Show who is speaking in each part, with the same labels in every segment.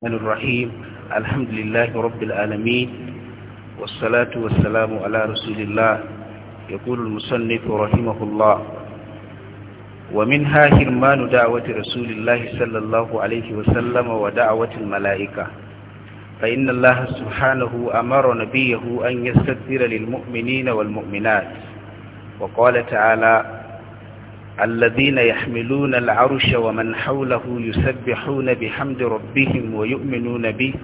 Speaker 1: الرحمن الرحيم الحمد لله رب العالمين والصلاة والسلام على رسول الله يقول المصنف رحمه الله ومنها هرمان دعوة رسول الله صلى الله عليه وسلم ودعوة الملائكة فإن الله سبحانه أمر نبيه أن يستدر للمؤمنين والمؤمنات وقال تعالى الذين يحملون العرش ومن حوله يسبحون بحمد ربهم ويؤمنون به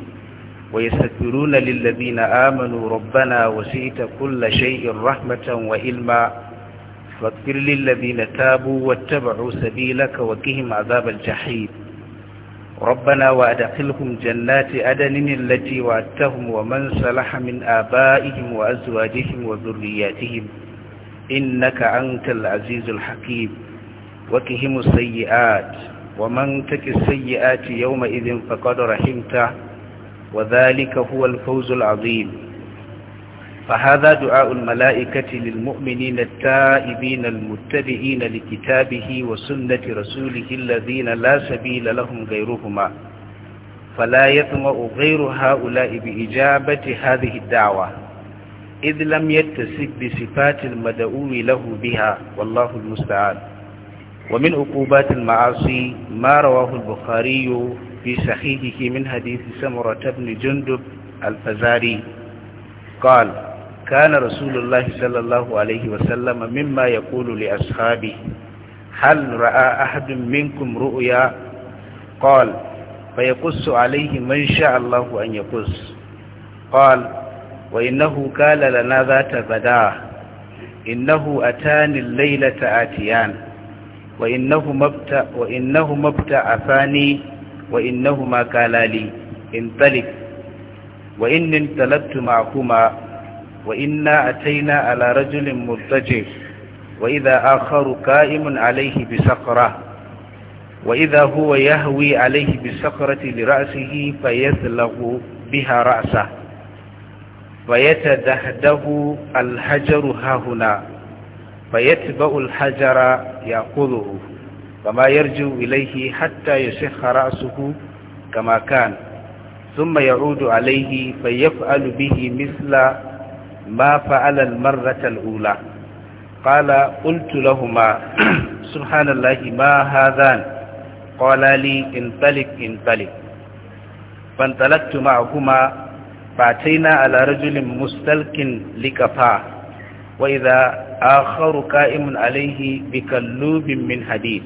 Speaker 1: ويستكبرون للذين آمنوا ربنا وسئت كل شيء رحمة وإلما فاغفر للذين تابوا واتبعوا سبيلك وقهم عذاب الجحيم ربنا وأدخلهم جنات أدن التي وعدتهم ومن صلح من آبائهم وأزواجهم وذرياتهم إنك أنت العزيز الحكيم وكهم السيئات ومن تك السيئات يومئذ فقد رحمته وذلك هو الفوز العظيم فهذا دعاء الملائكة للمؤمنين التائبين المتبعين لكتابه وسنة رسوله الذين لا سبيل لهم غيرهما فلا يطمع غير هؤلاء بإجابة هذه الدعوة إذ لم يتسب بصفات المدعو له بها والله المستعان ومن عقوبات المعاصي ما رواه البخاري في صحيحه من حديث سمرة بن جندب الفزاري قال كان رسول الله صلى الله عليه وسلم مما يقول لأصحابه هل رأى أحد منكم رؤيا قال فيقص عليه من شاء الله أن يقص قال وإنه قال لنا ذات غدا إنه أتاني الليلة آتيان وإنهما ابتع وإنهما ابتعفاني وإنهما قالا لي انطلق وإن انطلقت معكما وإنا أتينا على رجل مرتجع وإذا آخر قائم عليه بسقرة وإذا هو يهوي عليه بسقرة لرأسه فيثلغ بها رأسه فيتدهده الحجر هاهنا فيتبع الحجر يأخذه فما يرجو إليه حتى يشخ رأسه كما كان ثم يعود عليه فيفعل به مثل ما فعل المرة الأولى قال قلت لهما سبحان الله ما هذان قال لي انطلق انطلق فانطلقت معهما فأتينا على رجل مستلق لكفاه وإذا آخر قائم عليه بكلوب من حديد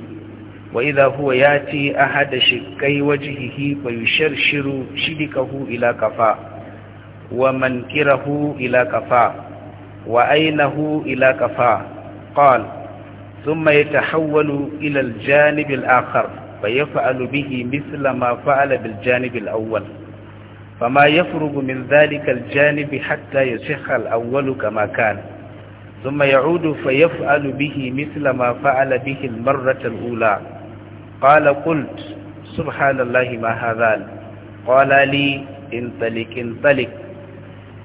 Speaker 1: وإذا هو يأتي أحد شكي وجهه فيشرشر شدكه إلى كفاه ومنكره إلى كفاه وأينه إلى كفاه قال ثم يتحول إلى الجانب الآخر فيفعل به مثل ما فعل بالجانب الأول فما يفرغ من ذلك الجانب حتى يسخ الأول كما كان ثم يعود فيفعل به مثل ما فعل به المرة الأولى قال قلت سبحان الله ما هذا قال لي انطلق انطلق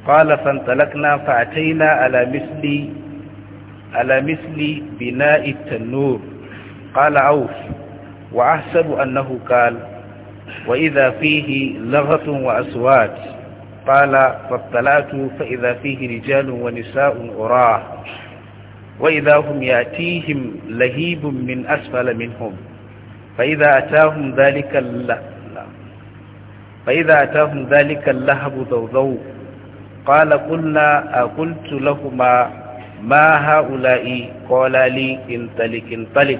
Speaker 1: قال فانطلقنا فأتينا على مثل على مثل بناء التنور قال عوف وأحسب أنه قال وإذا فيه لغة وأسوات قال فاطلعت فإذا فيه رجال ونساء أراه وإذا هم يأتيهم لهيب من أسفل منهم فإذا أتاهم ذلك فإذا أتاهم ذلك اللهب ذوذو قال قلنا أقلت لهما ما هؤلاء قال لي انطلق انطلق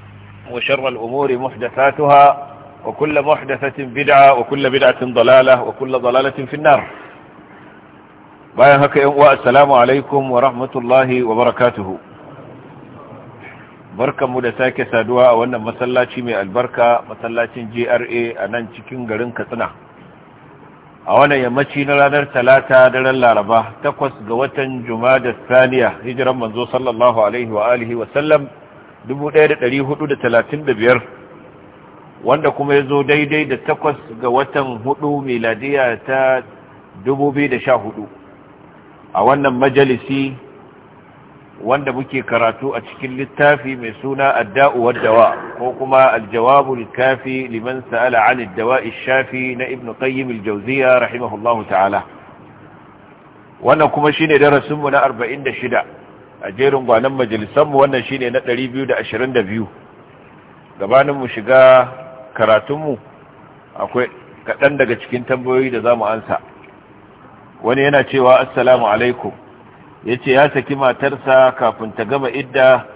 Speaker 2: وشر الأمور محدثاتها وكل محدثة بدعة وكل بدعة ضلالة وكل ضلالة في النار bayan haka yan uwa assalamu alaikum wa rahmatullahi wa barakatuhu barkanmu da sake saduwa a wannan masallaci mai albarka masallacin GRA a nan cikin garin Katsina a wannan yammaci na ranar talata daren Laraba takwas ga watan da Saniya hijiran manzo sallallahu 1435 wanda kuma ya zo daidai da takwas ga watan hudu miladiya ta 2014 a wannan majalisi wanda muke karatu a cikin littafi mai suna adda'u dawa ko kuma aljawabu likafi liman sa'ala an addawa'i shafi na ibn qayyim aljawziya rahimahullahu ta'ala wannan kuma shine darasinmu na 46 a jerin gwanan majalisanmu wannan shine na 222 gabanin mu shiga karatunmu akwai kaɗan daga cikin tambayoyi da za mu ansa wani yana cewa assalamu alaikum ya ce ya saki matarsa kafin ta gama idda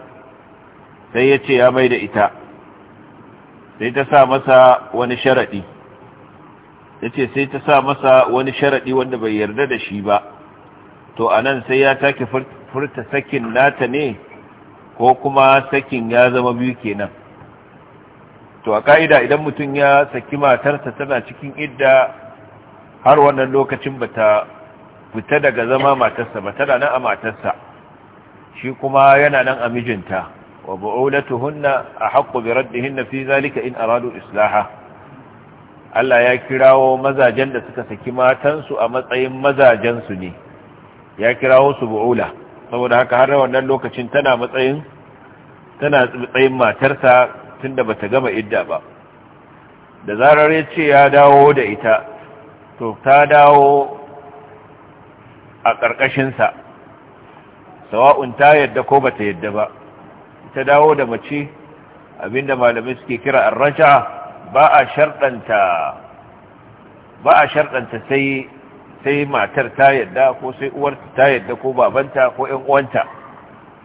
Speaker 2: sai ya ce ya mai da ita sai ta sa masa wani sharaɗi ya ce sai ta sa masa wani sharaɗi wanda bai yarda da shi ba to a nan sai ya take furta sakin nata ne ko kuma sakin ya zama biyu kenan to a ka'ida idan mutum ya saki matarsa tana cikin idda har wannan lokacin ba ta fita daga zama matarsa ba tana nan a matarsa shi kuma yana nan a mijinta wa bu'ulatuhunna ahqqu bi raddihinna fi zalika in aradu islaha Allah ya kirawo mazajen da suka saki matansu a matsayin mazajen ne ya kirawo su bu'ula saboda haka har wannan lokacin tana matsayin tana matsayin matarsa tunda bata gama idda ba da zarar ya ce ya dawo da ita to ta dawo a sa sawa'un ta yadda ko bata yadda ba ta dawo da mace abinda malamai suke kira arraja ba a sharɗanta ba a sharɗanta sai sai matar ta yadda ko sai uwar ta yadda ko babanta ko ƴan uwanta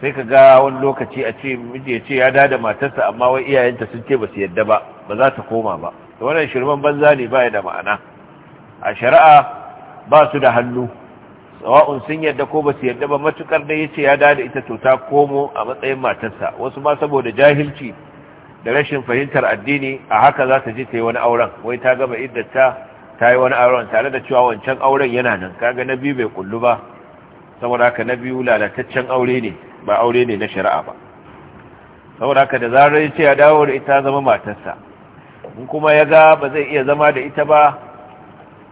Speaker 2: sai ka ga wani lokaci a ce miji ya ce ya dada matarsa amma wai iyayenta sun ce ba su yadda ba ba za ta koma ba da wannan shirman banza ne ba da ma'ana a shari'a ba su da hannu sawa'un sun yadda ko ba su yadda ba matukar da ya ce ya dada ita to ta komo a matsayin matarsa wasu ma saboda jahilci da rashin fahimtar addini a haka za ta je ta yi wani auren wai ta gaba ta. ta yi wani auren tare da cewa wancan auren yana nan kaga na biyu bai kullu ba saboda haka na biyu lalataccen aure ne ba aure ne na shari'a ba saboda haka da zarar ya ya dawo da ita zama matarsa in kuma ya ga ba zai iya zama da ita ba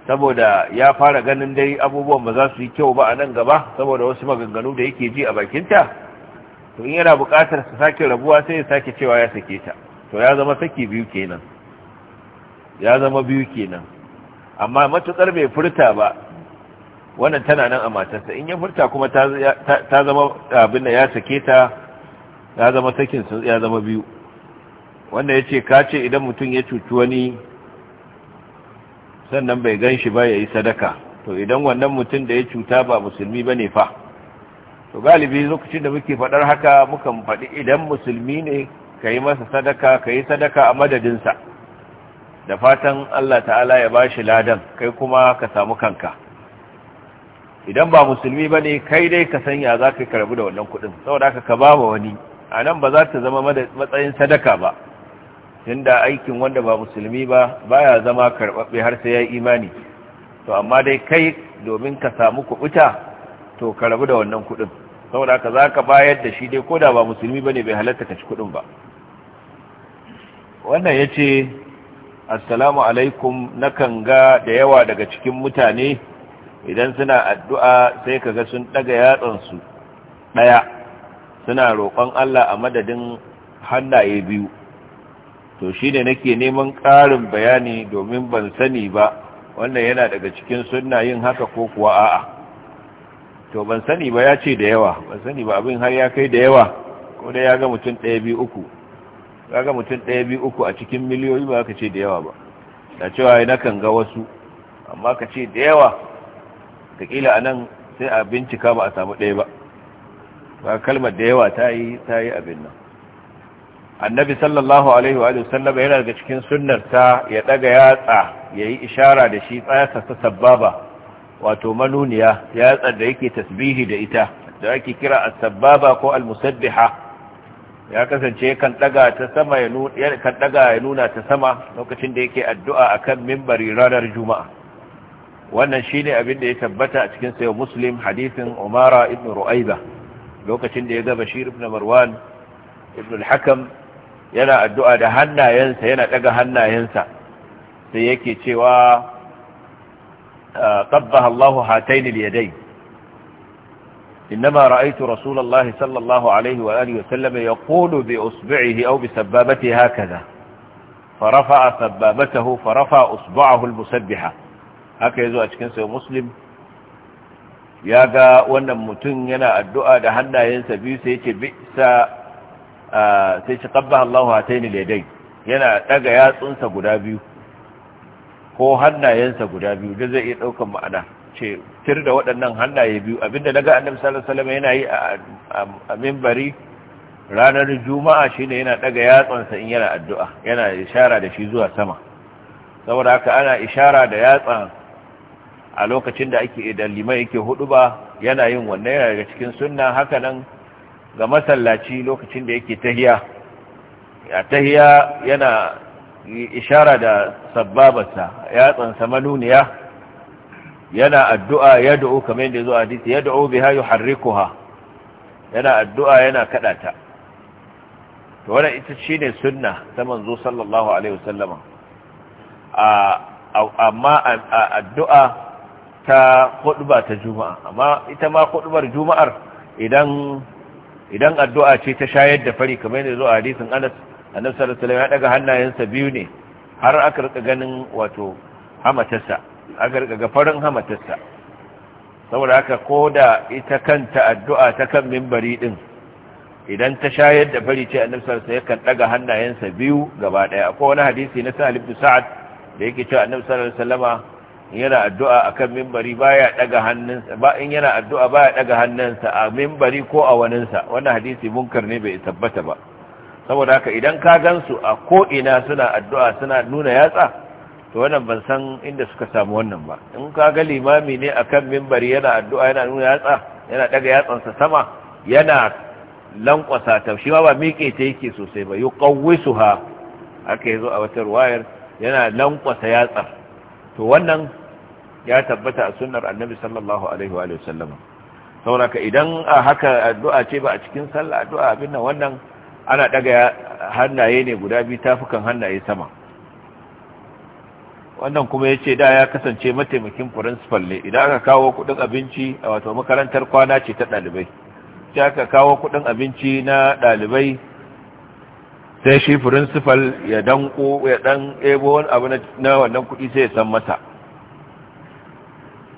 Speaker 2: saboda ya fara ganin dai abubuwan ba za su yi kyau ba a nan gaba saboda wasu maganganu da yake ji a bakinta to in yana buƙatar su sake rabuwa sai ya sake cewa ya sake ta to ya zama saki biyu kenan ya zama biyu kenan amma matukar bai furta ba wannan tana nan a matarsa in ya furta kuma ta zama abin da ya sake ta ya zama sakin sun ya zama biyu wanda ya ce ka ce idan mutum ya cuci wani sannan bai gan shi ba ya yi sadaka to idan wannan mutum da ya cuta ba musulmi ba ne fa to galibi lokacin da muke faɗar haka mukan faɗi idan musulmi ne ka yi masa sadaka ka yi sadaka a madadinsa da fatan Allah ta'ala ya ba shi ladan kai kuma ka samu kanka idan ba musulmi ba ne kai dai ka sanya za ka karbi da wannan kudin saboda haka ka ba wani a nan ba za ta zama matsayin sadaka ba Tun da aikin wanda ba musulmi ba ba ya zama karɓaɓɓe har sai ya imani to amma dai kai domin ka samu kuɓuta to ka rabu da wannan kuɗin saboda ka za ka bayar da shi dai ko da ba musulmi ba ne bai halatta ka ci kuɗin ba wannan ya ce assalamu alaikum na kan ga da yawa daga cikin mutane idan suna addu'a sai ka ga sun ɗaga yatsansu ɗaya suna roƙon Allah a madadin hannaye biyu to shi ne nake neman ƙarin bayani domin ban sani ba wannan yana daga cikin suna yin haka ko kuwa a'a to ban sani ba ya ce da yawa ban sani ba abin har ya kai da yawa ko da ya ga mutum ɗaya biyu uku kaga mutum ɗaya biyu uku a cikin miliyoyi ba ka ce da yawa ba da cewa na kan ga wasu amma ka ce da yawa ta ƙila a nan sai a bincika ba a samu ɗaya ba ba kalmar da yawa ta yi ta yi abin nan annabi sallallahu alaihi wa sallam yana daga cikin sunnarta ya ɗaga yatsa ya yi ishara da shi tsayasa ta sababa wato manuniya yatsa da yake tasbihi da ita da ake kira as-sababa ko al-musabbiha ya kasance yakan daga ta sama ya nuna kan daga ya nuna ta sama lokacin da yake addu'a akan minbari ranar juma'a wannan shine abin da ya tabbata a cikin sayo muslim hadisin umara ibn ru'ayba lokacin da ya ga bashir ibn marwan ibn al-hakam yana addu'a da hannayensa yana daga hannayensa sai yake cewa ah, qabbaha Allahu hatayn al-yadayn إنما رأيت رسول الله صلى الله عليه وآله وسلم يقول بأصبعه أو بسبابته هكذا فرفع سبابته فرفع أصبعه المسبحة haka yazo a cikin sai muslim ya ga wannan mutum yana addu'a da hannayensa biyu sai ce hataini yana daga yatsunsa guda biyu ko hannayensa guda biyu da zai iya ɗaukan ma'ana ce tir da waɗannan hannaye biyu abinda daga annabi sallallahu alaihi yana yi a minbari ranar juma'a shine yana ɗaga yatsansa in yana addu'a yana ishara da shi zuwa sama saboda haka ana ishara da yatsan a lokacin da ake idan liman yake hudu ba yana yin wannan yana daga cikin sunna haka nan ga masallaci lokacin da yake tahiya a tahiya yana ishara da sabbabarsa yatsansa manuniya yana addu'a ya da'u kamar yadda zuwa hadisi ya da'u biha yuharrikuha yana addu'a yana kada ta to wannan ita ne sunna ta manzo sallallahu alaihi wasallama amma addu'a ta khutba ta juma'a amma ita ma khutbar juma'ar idan idan addu'a ce ta shayar da fari kamar yadda zuwa hadisin Anas annabi sallallahu alaihi wasallam ya daga hannayensa biyu ne har aka rika ganin wato hamatarsa a gargaga farin hamatarsa saboda haka ko da ita kanta addu'a ta kan mimbari din idan ta shayar da fari ce a nufsarsa ya kan daga hannayensa biyu gaba ɗaya ko wani hadisi na Sa'ad da Sa'ad da yake cewa a nufsarar salama in yana addu'a a kan mimbari baya ɗaga hannunsa ba in yana addu'a baya daga hannunsa a mimbari ko a waninsa wannan hadisi munkar ne bai tabbata ba saboda haka idan ka gansu a ko ina suna addu'a suna nuna yatsa to wannan ban san inda suka samu wannan ba in ka ga limami ne akan mimbari yana addu'a yana nuna yatsa yana daga yatsansa sama yana lankwasa ta shi ba miƙe ta yake sosai ba yuqawwisuha aka yazo a wata ruwayar yana lankwasa yatsar to wannan ya tabbata a sunnar annabi sallallahu alaihi wa sallama sauraka idan a haka addu'a ce ba a cikin sallah addu'a abin nan wannan ana daga hannaye ne guda biyu tafukan hannaye sama wannan kuma ya ce da ya kasance mataimakin firinsifal ne idan aka kawo kudin abinci a wato makarantar kwana ce ta ɗalibai sai aka kawo kudin abinci na ɗalibai sai shi principal ya danko ya dan ebo wani abu na wannan kudi sai ya san mata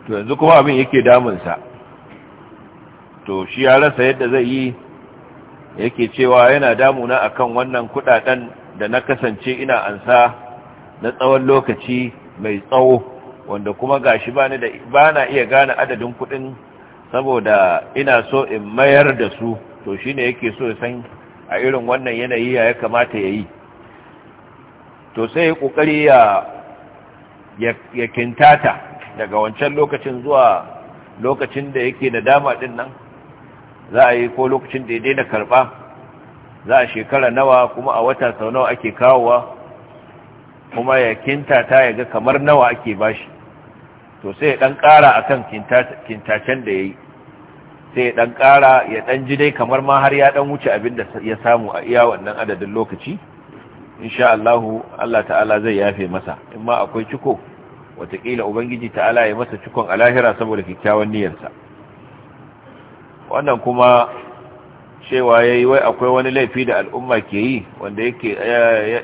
Speaker 2: to yanzu kuma abin yake damunsa to shi ya rasa yadda zai yi yake cewa yana damuna akan wannan kudaden da na kasance ina ansa na tsawon lokaci mai tsawo wanda kuma gashi bani da na iya gane adadin kuɗin saboda ina so in mayar da su to shine yake so ya san a irin wannan yanayi ya kamata ya yi to sai ya kokari ya ya kintata daga wancan lokacin zuwa lokacin da yake da dama din nan za a yi ko lokacin da ya daina karba za a shekara nawa kuma a wata sau nawa ake kawowa kuma ya kintata ya ga kamar nawa ake bashi to sai ya dan kara akan kintacen da yayi sai ya dan kara ya dan ji dai kamar ma har ya dan wuce abin da ya samu a iya wannan adadin lokaci insha Allah Allah ta'ala zai yafe masa in ma akwai ciko watakila ubangiji ta'ala ya masa cikon alahira saboda kyakkyawan niyyarsa wannan kuma cewa ya yi wai akwai wani laifi da al'umma ke yi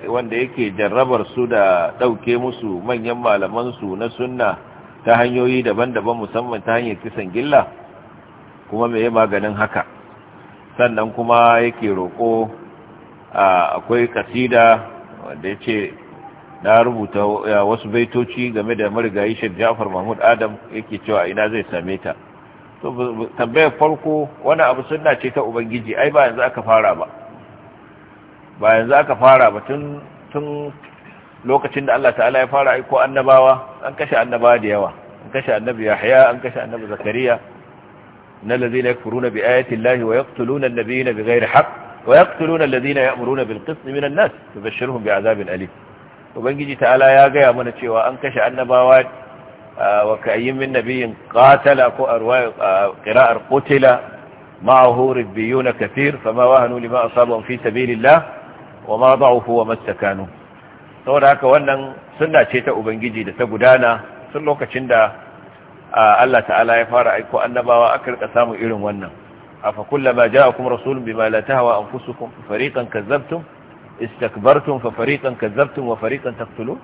Speaker 2: wanda yake jarrabar su da ɗauke musu manyan malamansu na sunna ta hanyoyi daban-daban musamman ta hanyar kisan gilla kuma me yi maganin haka sannan kuma yake roko akwai kasida wanda ya ce na rubuta wasu baitoci game da marigayi Sheikh Ja'far Mahmud Adam yake cewa ina zai same ta to tambayar farko wani abu sunna ce ta ubangiji ai ba yanzu aka fara ba ba yanzu aka fara ba tun tun lokacin da Allah ta'ala ya fara aiko annabawa an kashe annabawa da yawa an kashe annabi Yahya an kashe annabi Zakariya na lazina yakfuruna bi ayati Allah wa yaqtuluna an-nabiyina bighairi haqq ويقتلون الذين يأمرون بالقسط من الناس فبشرهم بعذاب أليم ubangiji ta'ala ya gaya mana cewa an kashe annabawa wa Minna min Katala qatala ko arwaya qira'ar qutila ma'ahu rabbiyuna kathir fama wahanu lima asabahum fi sabilillah wa ma da'ufu wa mastakanu saboda haka wannan sunna ce ta ubangiji da ta gudana sun lokacin da Allah ta'ala ya fara aiko annabawa aka rika samun irin wannan afa kullama ja'akum rasulun bima hawa tahwa anfusukum fariqan kazzabtum istakbartum fa fariqan kazzabtum wa fariqan taqtulun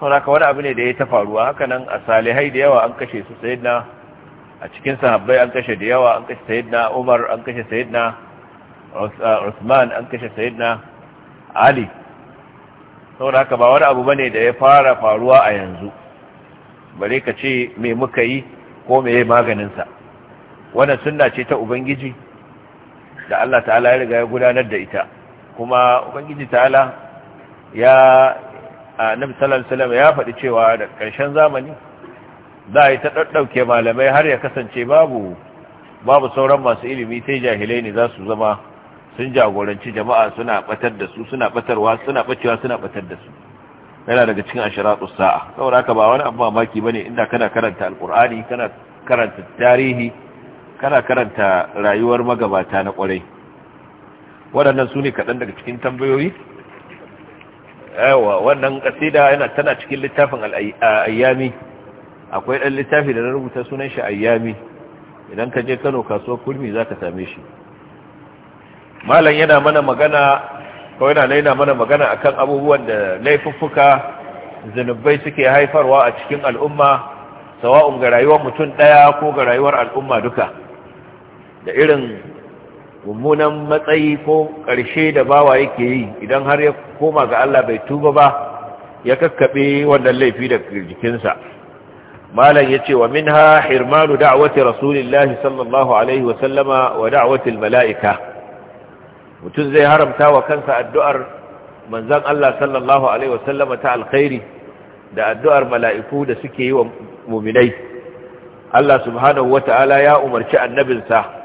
Speaker 2: sauraka wani abu ne da ya ta faruwa hakanan a salihai da yawa an kashe su sayidna a cikin sahabbai an kashe da yawa an kashe sayidna umar an kashe sayidna uh, usman an kashe sayidna ali sauraka ba wani abu ba ne da ya fara faruwa a yanzu bare ka ce me muka yi ko me ya maganinsa wannan suna ce ta ubangiji da Allah ta'ala ya riga ya gudanar da ita kuma ubangiji ta'ala ya annabi sallallahu alaihi wasallam ya faɗi cewa da ƙarshen zamani za a yi ta ɗaɗɗauke malamai har ya kasance babu babu sauran masu ilimi sai jahilai ne za su zama sun jagoranci jama'a suna batar da su suna batarwa suna bacewa suna batar da su yana daga cikin ashiratu sa'a saboda haka ba wani abu mamaki bane inda kana karanta alqur'ani kana karanta tarihi kana karanta rayuwar magabata na kwarai waɗannan su ne kaɗan daga cikin tambayoyi yawa wannan kasida yana tana cikin littafin ayyami akwai ɗan littafi da na rubuta sunan shi ayyami idan ka je kano kasuwar kurmi za ka same shi malam yana mana magana kawai na yana mana magana akan abubuwan da laifuffuka zunubai suke haifarwa a cikin al'umma sawa'un ga rayuwar mutum ɗaya ko ga rayuwar al'umma duka da irin mummunan matsayi ko ƙarshe da bawa yake yi idan har ya koma ga Allah bai tuba ba ya kakkaɓe wannan laifi da jikinsa malam ya ce wa min ha hirmanu da'awati rasulillahi sallallahu alaihi wasallama wa da'awati mala'ika mutum zai haramta wa kansa addu'ar manzan Allah sallallahu alaihi wasallama ta alkhairi da addu'ar mala'iku da suke yi wa muminai Allah subhanahu wa ta'ala ya umarci annabinsa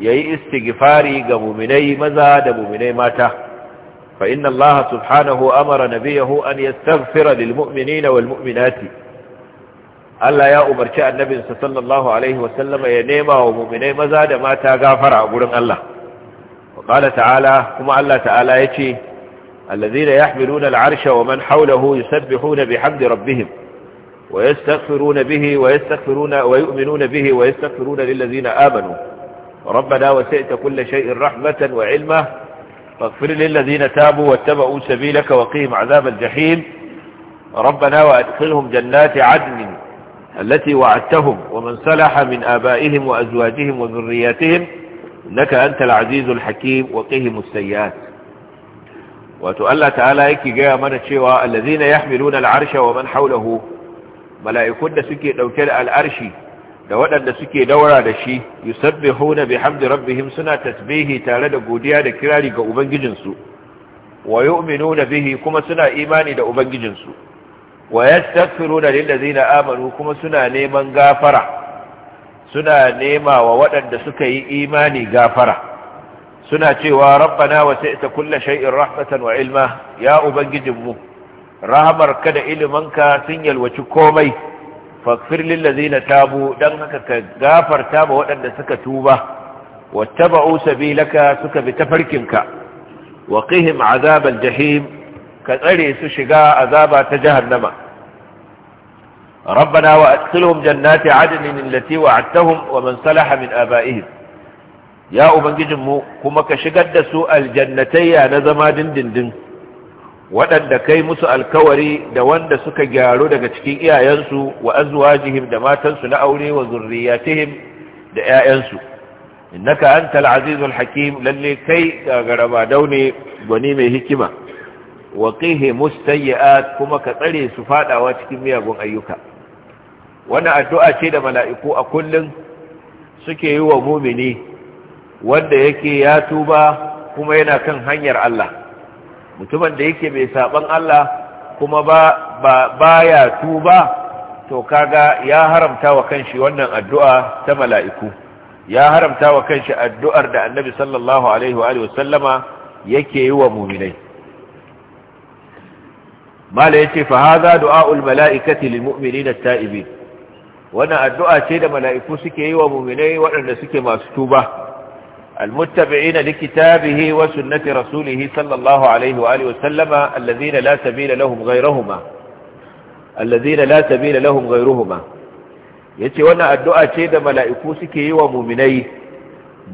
Speaker 2: yayi istighfari ga mu'minai maza da mu'minai mata fa inna Allah subhanahu amara nabiyahu an yastaghfira lil mu'minina wal mu'minati Allah ya umarci annabinsa sallallahu alaihi wa sallam ya nema wa mu'minai maza da mata gafara gurin Allah wa qala ta'ala kuma Allah ta'ala yace alladhina الذين يحملون العرش ومن حوله يسبحون بحمد ربهم ويستغفرون به ويستغفرون ويؤمنون به ويستغفرون للذين آمنوا ربنا وسئت كل شيء رحمة وعلمة فاغفر للذين تابوا واتبعوا سبيلك وقيم عذاب الجحيم ربنا وأدخلهم جنات عدن التي وعدتهم ومن صلح من آبائهم وأزواجهم وذرياتهم إنك أنت العزيز الحكيم وقهم السيئات وتؤلى تعالى يكي جاء من الشيوى الذين يحملون العرش ومن حوله ملائكون سكي لو كان العرشي da waɗanda suke daura da shi yusabbihuna Hamdi rabbihim suna tasbihi tare da godiya da kirari ga ubangijinsu wa yu'minuna bihi kuma suna imani da ubangijinsu wa yastaghfiruna lillazina amanu kuma suna neman gafara suna nema wa waɗanda suka yi imani gafara suna cewa rabbana wasi'ta kulli shai'in rahmatan wa ilma ya ubangijinmu rahamar ka da ilimanka sun yalwaci komai faghfir lil tabu dan haka ka gafarta ba waɗanda suka tuba wattaba'u sabilaka suka bi tafarkinka wa qihim azabal jahim ka tsare su shiga azaba ta jahannama ربنا وادخلهم جنات عدن التي وعدتهم ومن صلح من آبائهم ya ubangijinmu kuma ka shigar da su aljannatayya na zama dindindin waɗanda kai musu alkawari da wanda suka gyaru daga cikin iyayensu wa azwajihim da matansu na aure wa zurriyatihim da 'ya'yansu innaka antal azizul hakim lalle kai gagaraba daune gwani mai hikima wa qihi mustayyi'at kuma ka tsare su fadawa cikin miyagun ayyuka wannan addu'a ce da mala'iku a kullun suke yi wa mumini wanda yake ya tuba kuma yana kan hanyar Allah mutumin da yake mai saban Allah kuma ba ba baya tuba to kaga ya haramta wa kanshi wannan addu'a ta mala'iku ya haramta wa kanshi addu'ar da annabi sallallahu alaihi wa sallama yake yi wa muminai mala yace fa hadha du'aul mala'ikati lil mu'minina at-ta'ibin wannan addu'a ce da mala'iku suke yi wa muminai waɗanda suke masu tuba المتبعين لكتابه وسنة رسوله صلى الله عليه وآله وسلم الذين لا سبيل لهم غيرهما الذين لا سبيل لهم غيرهما yace wannan addu'a ce da mala'iku suke yi wa muminai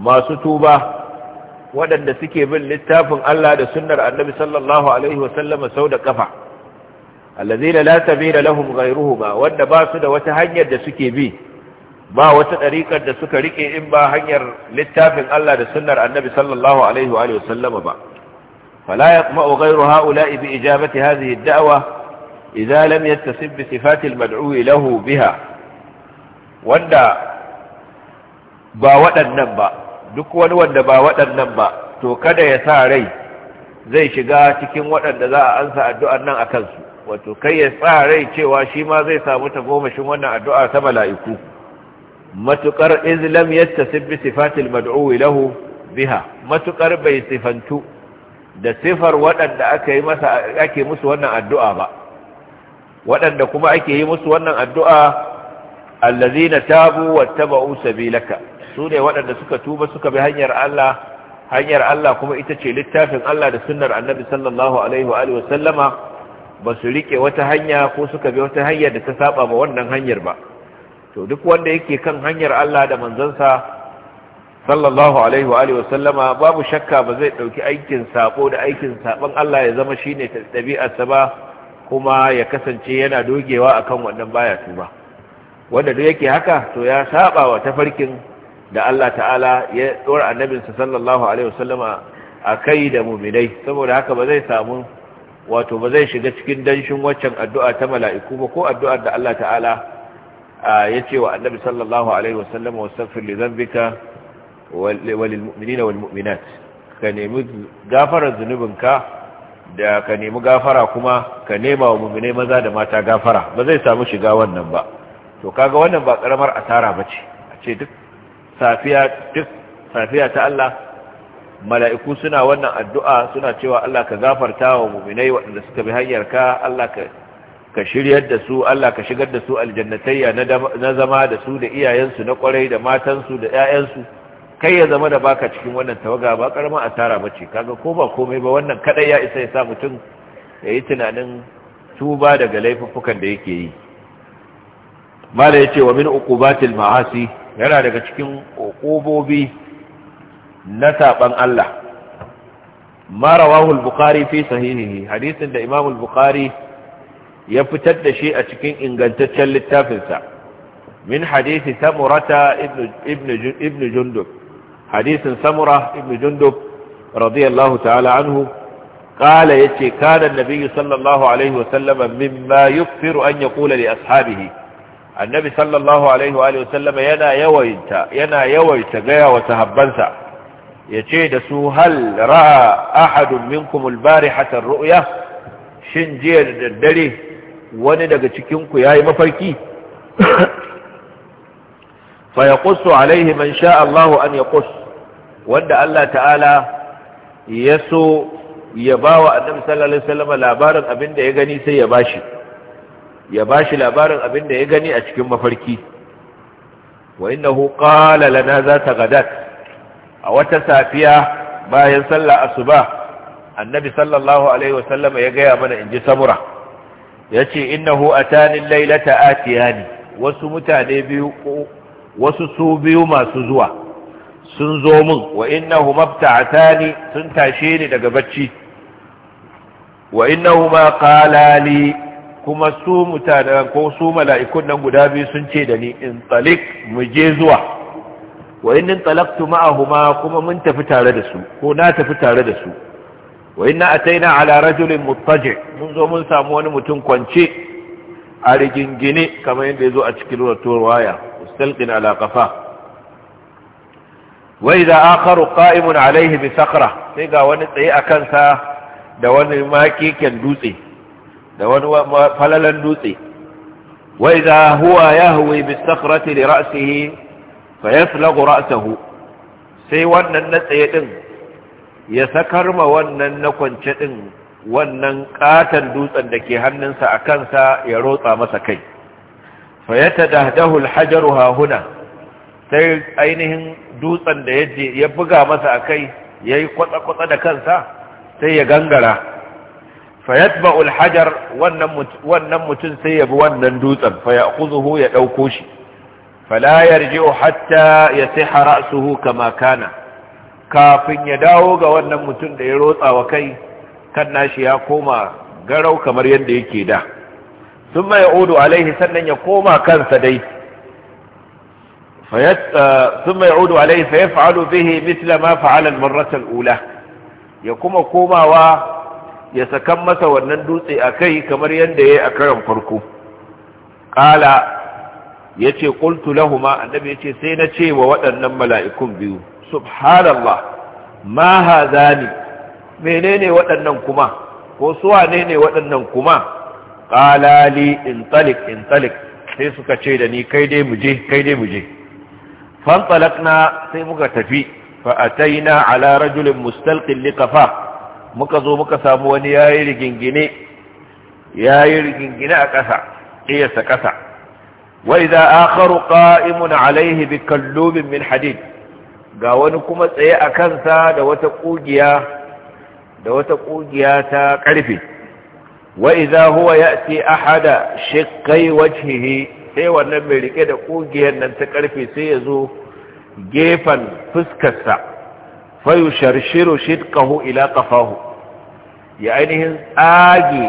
Speaker 2: masu tuba waɗanda suke bin littafin Allah da sunnar annabi sallallahu alaihi wasallama sau da kafa allazina la sabila lahum ghayruhuma wanda ba su da wata hanyar da suke bi ba wata ɗariƙar da suka riƙe in ba hanyar littafin Allah da sunnar annabi sallallahu alaihi wa sallama ba falaya yaqma'u Ogairu, ha'ula'i bi ijabati hadhihi ad-da'wa idza lam yattasib bi lahu biha wanda ba waɗannan ba duk wani wanda ba waɗannan ba to kada ya sa rai zai shiga cikin waɗanda za a ansa addu'ar nan a kansu, wato kai ya sa rai cewa shi ma zai samu tagomashin wannan addu'a ta mala'iku matukar izlam yattasib bi sifatil mad'u lahu biha matukar bai sifantu da sifar waɗanda aka yi ake musu wannan addu'a ba waɗanda kuma ake yi musu wannan addu'a allazina tabu wattaba'u sabilaka sune waɗanda suka tuba suka bi hanyar Allah hanyar Allah kuma ita ce littafin Allah da sunnar Annabi sallallahu alaihi wa alihi ba su riƙe wata hanya ko suka bi wata hanyar da ta saba ba wannan hanyar ba to duk wanda yake kan hanyar Allah da manzansa sallallahu alaihi wa alihi wasallama babu shakka ba zai dauki aikin sabo da aikin saban Allah ya zama shine sa ba kuma ya kasance yana dogewa akan wannan baya tuba wanda duk yake haka to ya saba wa tafarkin da Allah ta'ala ya dora annabinsa sallallahu alaihi wasallama kai da mu'minai saboda haka ba zai samu wato ba zai shiga cikin danshin waccan addu'a ta mala'iku ba ko addu'ar da Allah ta'ala yace wa annabi sallallahu alaihi wasallam wastaghfir li dhanbika walil mu'minina wal mu'minat ka nemi gafara zunubinka da ka nemi gafara kuma ka nema wa mu'minai maza da mata gafara ba zai samu shiga wannan ba to kaga wannan ba karamar asara bace a ce duk safiya duk safiya ta Allah mala'iku suna wannan addu'a suna cewa Allah ka gafarta wa mu'minai waɗanda suka bi hanyar ka Allah ka ka shiryar da su Allah ka shigar da su aljannatayya na zama da su da iyayensu na kwarai da matansu da 'ya'yansu kai ya zama da baka cikin wannan tawaga ba karama asara bace kaga ko ba komai ba wannan kadai ya isa ya sa mutum ya yi tunanin tuba daga laifuffukan da yake yi mala yace wa min uqubatil ma'asi yana daga cikin uqubobi na saban Allah ma rawahu al-bukhari fi sahihihi hadisin da imam al-bukhari ya fitar da shi a cikin ingantaccen littafinsa min hadisi samurata ibn jundub hadisin samura ibn jundub radiyallahu ta'ala anhu kala yace kana nabiyyu sallallahu alaihi wa sallam mimma yukfiru an yaqula li ashabihi annabi sallallahu alaihi wa sallam yana yawaita yana yawaita gaya wa sahabbansa yace da su hal ra'a ahadun minkum al-barihata ar shin jiya da daddare wani daga cikinku ya yi mafarki fa ya yaqussu alaihi man sha Allahu an ya yaquss wanda Allah ta'ala ya so ya ba bawa annabi sallallahu alaihi wasallam labarin abin da ya gani sai ya bashi ya bashi labarin abin da ya gani a cikin mafarki wa innahu qala lana za ta gadat a wata safiya bayan sallah asuba annabi sallallahu alaihi wasallam ya gaya mana in ji samura Ya yace innahu lailata Lailata atiyani wasu mutane biyu ko wasu su biyu masu zuwa sun zo min wa innahu Tani sun tashe ni daga bacci wa innahu ma kalali kuma su mutane ko su mala'ikun nan guda biyu sun ce da ni in tsalik mu je zuwa wa innin ma'ahu ma kuma mun tafi tare da su ko na tafi tare da su wa inna ataina ala rajulin muttaji mun zo mun samu wani mutum kwance a rigingine kamar yadda zo a cikin ruwatuwar waya mustalqin ala qafa wa idha akharu qa'imun alayhi bi sakra sai ga wani tsaye a kansa da wani dutse da wani falalan dutse wai idha huwa yahwi bi sakrati li ra'sihi fayaslagu ra'sahu sai wannan na tsaye din ya sakar ma wannan na kwance ɗin wannan ƙatar dutsen da ke hannunsa a kansa ya rotsa masa kai fayyata da dahul hajjaru hahuna sai ainihin dutsen da ya buga masa a kai ya yi kwatsa-kwatsa da kansa sai ya gangara fayyat ba'ul Ulhajar wannan mutum sai ya bi wannan dutsen faya kuzuhu ya ɗauko shi Falayar yarji'u hatta ya sai hara'asuhu kama kana kafin ya dawo ga wannan mutum da ya rotsa wa kai kan nashi ya koma garau kamar yadda yake da sun mai odu alaihi sannan ya koma kansa dai eh, sun mai odu alaihi fa ya fa'alu bihi mitla ma fa'alan marratar ula ya kuma komawa ya sakan masa wannan dutse a kai kamar yadda ya yi a karan farko ƙala ya ce ƙultu lahuma annabi ya ce sai na ce wa waɗannan mala'ikun biyu subhanallah ma ne menene waɗannan kuma ko su wane ne waɗannan kuma Ƙalali, intalik intalik sai suka ce da ni kai dai muje, kai dai muje. je fantalaqna sai muka tafi fa ataina ala rajulin mustalqin liqafa muka zo muka samu wani yayi rigingine yayi rigingine a ƙasa ƙiyasa ƙasa wa iza akharu ƙa'imun alaihi bi kallubin min hadid ga wani kuma tsaye a kansa da wata kugiya da wata kugiya ta karfe wa idza huwa ya'ti ahada shiqqi wajhihi sai wannan mai rike da kugiyar nan ta karfe sai yazo zo gefan fuskarsa fayusharshiru shidqahu ila qafahu ya ainihin tsage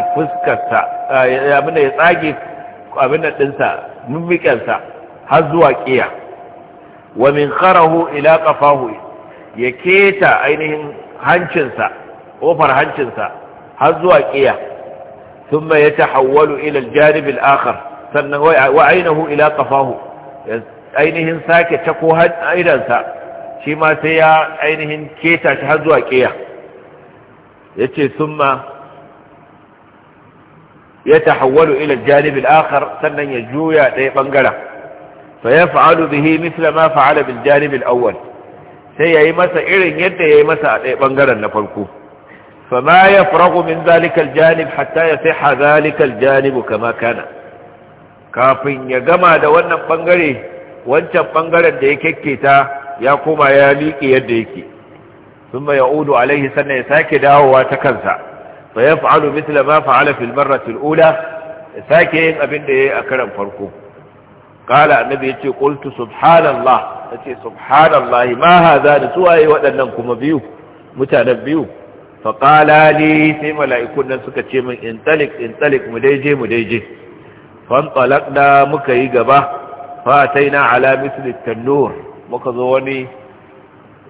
Speaker 2: ya eh, abinda ya tsage abinda dinsa mimmikansa har zuwa ƙiya wa min kharahu ila qafahu ya keta ainihin hancinsa kofar hancinsa har zuwa kiya thumma yatahawwalu ila al-janib al-akhar sannan wa ainihu ila qafahu ainihin sake ta tako aidansa shi ma sai ya ainihin keta shi har zuwa kiya yace thumma yatahawwalu ila al-janib al-akhar sannan ya juya ɗaya bangaren fa yaf'alu bihi mithla ma fa'ala bil janib al awwal sai yayi masa irin yadda ya yi masa a ɗaya bangaren na farko fa ma yafragu min zalika al janib hatta yasiha zalikal al janib kama kana kafin ya gama da wannan bangare wancan bangaren da ya kekketa ya koma ya miƙe yadda yake ثم يعود عليه سنة يساكي داوة تكنسا فيفعل مثل ما فعل في المرة الأولى يساكي a أكرم farko. kala annabi yace qultu subhanallah yace subhanallah ma hadha da suwaye waɗannan kuma biyu mutanen biyu fa qala li sai mala'ikun nan suka ce min intalik intalik mu daije mu daije fantalaqna muka yi gaba fa taina ala misli tanur muka zo wani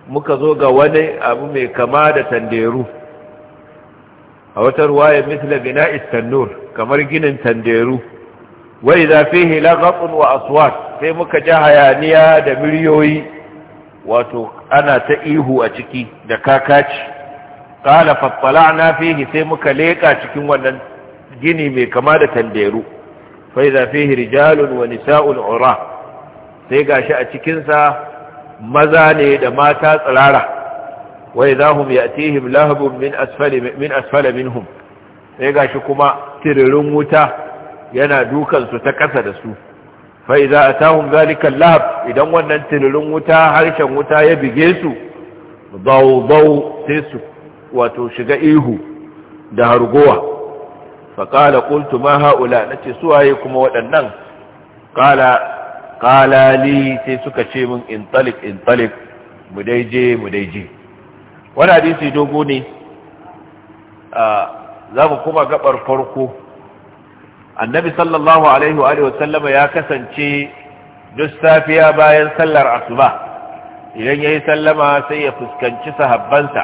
Speaker 2: muka zo ga wani abu mai kama da tanderu a wata ruwaya misla bina'is tanur kamar ginin tanderu wai za fihi laghatun wa aswat sai muka ji hayaniya da miliyoyi wato ana ta ihu a ciki da kakaci qala fattala'na fihi sai muka leka cikin wannan gini mai kama da tanderu fa idza fihi rijalun wa nisa'un ura sai gashi a cikin sa maza ne da mata tsirara wa idza hum ya'tihim lahabun min asfali min asfali minhum sai gashi kuma tiririn wuta yana dukansu ta kasa da su fai za a tahun zalikan lab idan wannan tilirin wuta harshen wuta ya bige su bau-bau sai su wato shiga ihu da hargowa faƙala ƙultu ma ha'ula na ce waye kuma waɗannan ƙalali sai suka ce min intalik intalik mu daije mu daije wani hadisi dogo ne za mu kuma gabar farko annabi sallallahu alaihi wa sallama ya kasance duk safiya bayan sallar asuba idan ya yi sallama sai ya fuskanci sahabbansa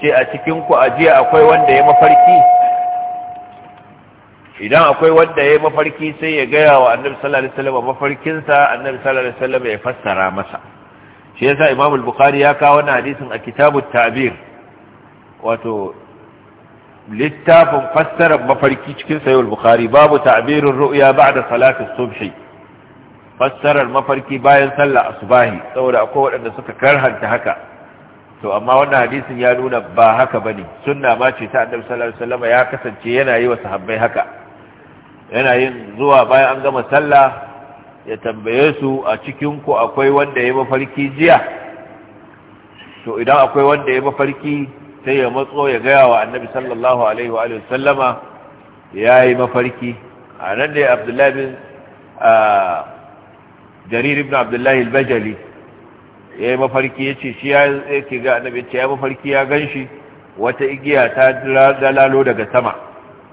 Speaker 2: ce a cikinku ku ajiya akwai wanda ya mafarki idan akwai wanda ya mafarki sai ya gaya wa annabi sallallahu alaihi wasallam mafarkinsa annabi sallallahu alaihi wasallam ya fassara masa shi yasa imam al-bukhari ya kawo wannan hadisin a kitabut ta'bir wato littafin fassarar mafarki cikin sayul bukhari babu ta'birin ru'ya da salatin subhi fassarar mafarki bayan sallah asubahi saboda akwai waɗanda suka karhanta haka to amma wannan hadisin ya nuna ba haka bane sunna ma ce ta annabi sallallahu alaihi wasallam ya kasance yana yi wa sahabbai haka yana yin zuwa bayan an gama sallah ya tambaye su a cikin ku akwai wanda ya mafarki jiya to idan akwai wanda ya mafarki sai ya matso ya gaya wa annabi sallallahu alaihi wa sallama ya yi mafarki a nan da ya abdullahi bin jarir ibn abdullahi al-bajali ya yi mafarki ya ce shi ya yake ga annabi ce ya mafarki ya gan shi wata igiya ta dalalo daga sama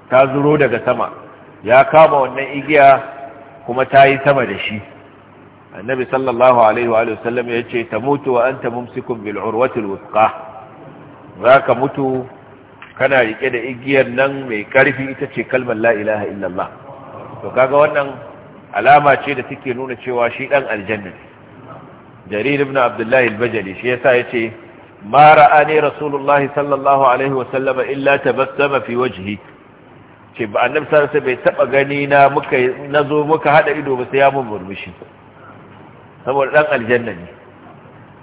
Speaker 2: ta zuro daga sama ya kama wannan igiya kuma ta yi sama da shi annabi sallallahu alaihi wa sallam ya ce ta mutu wa an ta mumsikun bil urwatil wuthqa za ka mutu kana rike da igiyar nan mai karfi ita ce kalmar la'ilaha illallah to kaga wannan alama ce da take nuna cewa shi dan aljanna jaririn na abdullahi al shi yasa yace ma ra'ani rasulullahi sallallahu alaihi wa sallam illa tabassama fi wajihi ce ba annabi sallallahu bai taba gani na muka nazo muka hada ido ba sai ya mun murmushi saboda dan aljanna ne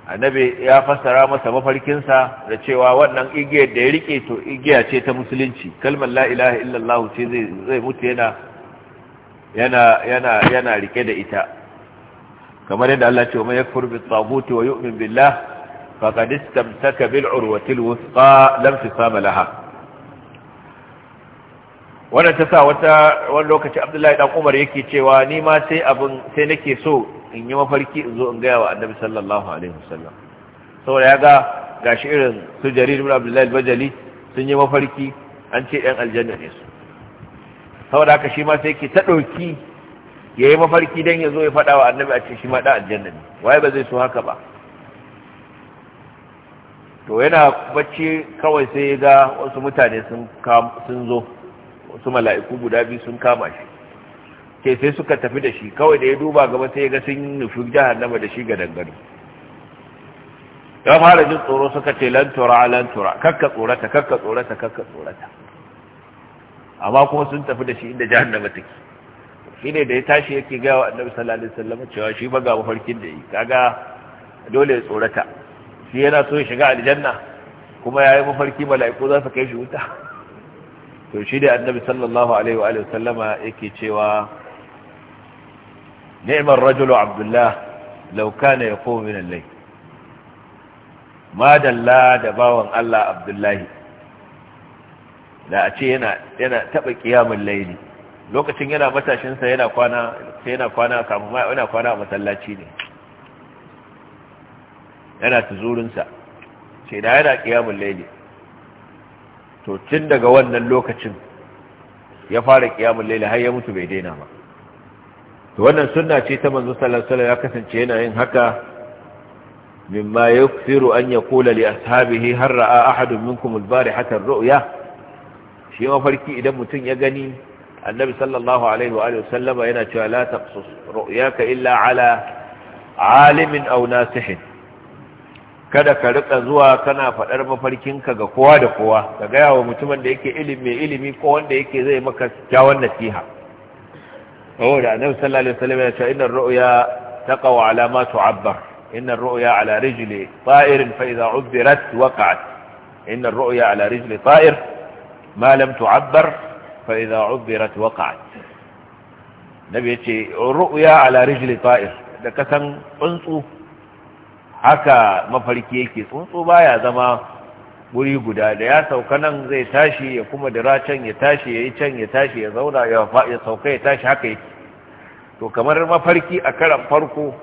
Speaker 2: annabi ya fassara masa mafarkinsa da cewa wannan igiyar da ya rike to igiya ce ta musulunci kalmar la ilaha illallah ce zai mutu yana yana yana yana rike da ita kamar yadda Allah ce wa man yakfur bi wa yu'min billah faqad istamtaka bil urwati al wusqa lam tisama laha wannan ta sa wata wani lokaci abdullahi dan umar yake cewa ni ma sai abin sai nake so in yi mafarki in zo in gaya wa annabi sallallahu alaihi wasallam saboda ya ga gashi irin su jarir ibn abdullahi al-bajali sun yi mafarki an ce ɗan aljanna ne su saboda haka shi ma sai ke ta ɗauki ya yi mafarki dan ya zo ya faɗa wa annabi a ce shi ma ɗan aljanna ne waye ba zai so haka ba to yana bacci kawai sai ya ga wasu mutane sun zo wasu mala'iku guda biyu sun kama shi ke sai suka tafi da shi kawai da ya duba gaba sai ya ga sun nufi jahannama da shi ga dangane ya fara jin tsoro suka ce lantura lantura kakka tsorata kakka tsorata kakka tsorata amma kuma sun tafi da shi inda jahannama take shi ne da ya tashi yake gaya wa annabi sallallahu alaihi wasallam cewa shi ba ga mafarkin da yi kaga dole ya tsorata shi yana so ya shiga aljanna kuma ya yi mafarki mala'iku za su kai shi wuta to shi da annabi sallallahu alaihi wa sallama yake cewa ni'mar rajulu abdullah law kana yaqumu min al-layl Madalla da bawan Allah abdullahi da a ce yana yana taba qiyamul layli lokacin yana matashin sa yana kwana sai yana kwana kafin ma yana kwana a masallaci ne yana tuzurin sa ce da yana qiyamul layli to tun daga wannan lokacin ya fara kiyamun laila har ya mutu bai daina ba to wannan sunna ce ta manzo sallallahu alaihi wasallam ya kasance yana yin haka mimma yukthiru an yaqula li ashabihi har ra'a ahadun minkum al-barihata ar-ru'ya shi mafarki idan mutum ya gani annabi sallallahu alaihi wa alihi wasallama yana cewa la taqsus ru'yaka illa ala alimin aw nasihin kada ka rika zuwa kana faɗar mafarkinka ga kowa da kowa ka gaya wa mutumin da yake ilimi ilimi ko wanda yake zai maka kyawun nasiha saboda annabi sallallahu alaihi wasallam ya ce inna ar-ru'ya taqaw ala ma tu'abbar inna ar-ru'ya ala rijli ta'ir fa idha 'ubbirat waqa'at inna ar-ru'ya ala rijli ta'ir ma lam tu'abbar fa idha 'ubbirat waqa'at nabi ya ce ru'ya ala rijli ta'ir da kasan tsuntsu haka mafarki yake tsuntsu baya zama wuri guda da ya sauka nan zai tashi ya kuma dira can ya tashi ya yi can ya tashi ya zauna ya sauka ya tashi haka yake to kamar mafarki a karan farko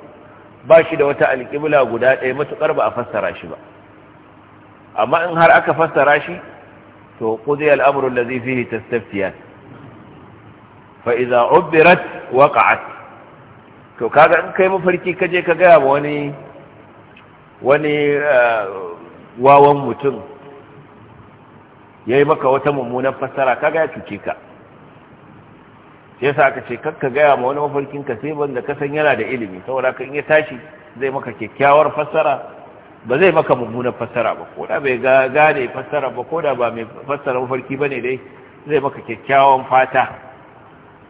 Speaker 2: ba shi da wata alƙibla guda ɗaya matuƙar ba a fassara shi ba amma in har aka fassara shi to ƙudai al'amurin da zai fiye ta stafiya fa'iza obirat waƙa'at to kaga in kai mafarki je ka gaya ma wani wani eh, wawan mutum ya yi maka wata mummunan fassara kaga ya cuce ka sai sa aka ce kakka gaya ma wani mafarkin ka sai banda kasan yana da ilimi saboda kan ya tashi zai maka kyakkyawar fassara ba zai maka mummunan fassara ba ko da bai gane fassara ba ko da ba mai fassara mafarki ba ne dai zai maka kyakkyawan fata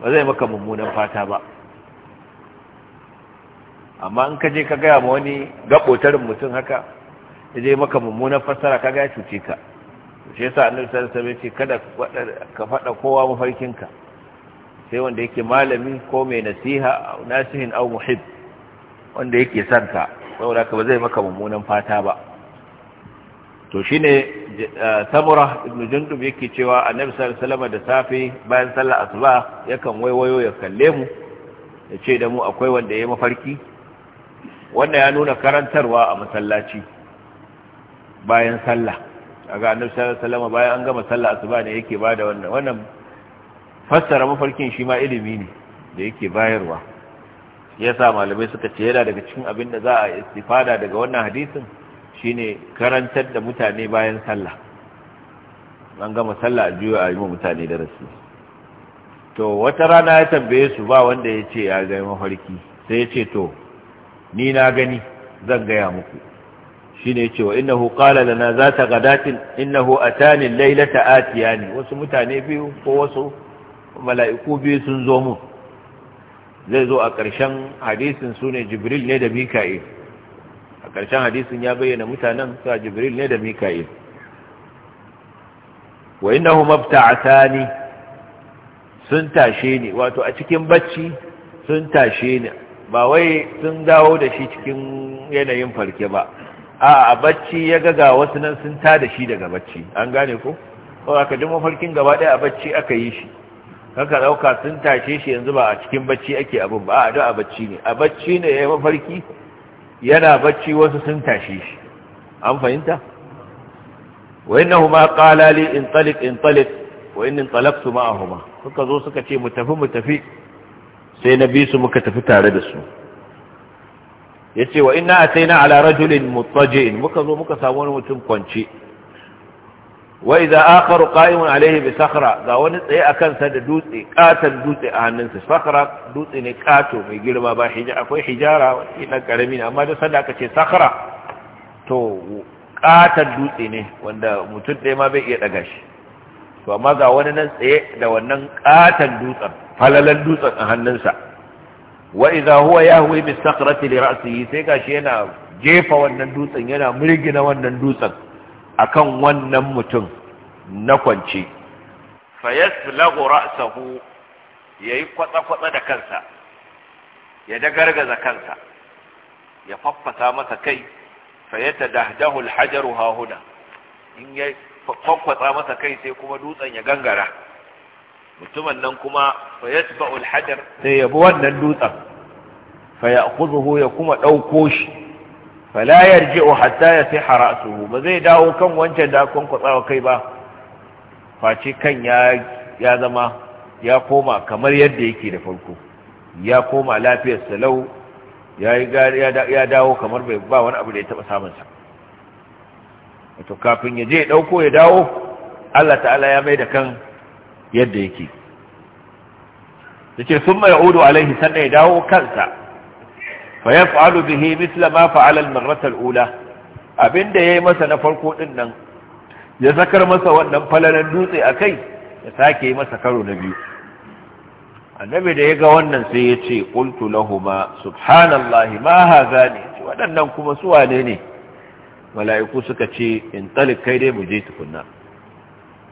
Speaker 2: ba zai maka mummunan fata ba amma in ka je ka gaya ma wani gaɓotarin mutum haka ya je maka mummunan fassara ka gaya cuce ka shi yasa annabi sallallahu alaihi ce kada ka faɗa kowa mafarkinka sai wanda yake malami ko mai nasiha nasihin au muhib wanda yake son ka saboda ka ba zai maka mummunan fata ba to shine eh, samura ibn jundub yake cewa annabi sallallahu alaihi wasallam da safe bayan sallar asuba yakan waiwayo ya kalle mu ya ce da mu akwai wanda ya mafarki Wannan ya nuna karantarwa a masallaci bayan sallah daga annabi sallallahu alaihi wasallam bayan an gama sallah asuba ne yake bada wannan wannan fassara mafarkin shi ma ilimi ne da yake bayarwa yasa malamai suka ce yana daga cikin abin da za a istifada daga wannan hadisin shine karantar da mutane bayan sallah an gama sallah a juya a yi ma mutane darasi to wata rana ya tambaye su ba wanda ya ce ya ga mafarki sai ya ce to ni na gani zan gaya muku shine yace wa innahu qala lana zata gadatin tanin atani laylata ne wasu mutane biyu ko wasu mala'iku biyu sun zo mu zai zo a ƙarshen hadisin ne jibril ne da mika'il a ƙarshen hadisin ya bayyana mutanen su a jibril ne da mika'il wa a tani sun tashe ni wato a cikin bacci sun tashe ni ba wai sun dawo da shi cikin yanayin farke ba a bacci ya ga wasu nan sun ta da shi daga bacci an gane ko ko aka ji mafarkin gaba ɗaya a bacci aka yi shi kanka ɗauka sun tashe shi yanzu ba a cikin bacci ake abin ba a da a bacci ne a bacci ne ya yi mafarki yana bacci wasu sun tashe shi an fahimta wa inna huma qala li in talik in talik wa in talaqtu ma'ahuma suka zo suka ce mu tafi mu tafi sai na bi su muka tafi tare da su yace wa inna ataina ala rajulin mutajen? muka zo muka samu wani mutum kwance wa idza akharu qa'imun alayhi bi sakhra ga wani tsaye akan sa da dutse katan dutse a hannunsa sakhra dutse ne ƙato mai girma ba akwai hijara wani dan karami ne amma da sanda aka ce sakhra to katan dutse ne wanda mutum ɗaya ma bai iya ɗaga shi to amma ga wani nan tsaye da wannan katan dutsen falalan dutsen a hannunsa wa idza huwa yahwi bi sakrati li ra'sihi sai gashi yana jefa wannan dutsen yana murgina wannan dutsen akan wannan mutum na kwance fa yaslagu ra'sahu yayi kwatsa-kwatsa da kansa ya dagargaza kansa ya faffasa masa kai fa yatadahdahu hajaru hahuna in kwakwatsa masa kai sai kuma dutsen ya gangara mutumin nan kuma fa yatba'u sai ya bi wannan dutsen fa ya kuma ɗauko shi fala yarji'u hatta yasiha ra'suhu ba zai dawo kan wancan da kon kwatsawa kai ba face kan ya ya zama ya koma kamar yadda yake da farko ya koma lafiyar salau ya dawo kamar bai ba wani abu da ya taba samun sa to kafin ya je ya dauko ya dawo Allah ta'ala ya mai da kan yadda yake sun mai udu alaihi sannan ya dawo kansa fa yaf'alu bihi mithla ma fa'ala al-marrata al-ula abinda yayi masa na farko din nan ya zakar masa wannan falalan dutse akai ya sake masa karo na biyu annabi da ya ga wannan sai ya ce ƙultu subhanallahi ma haza wadannan waɗannan kuma su wane ne mala'iku suka ce in talik kai dai mu je tukunna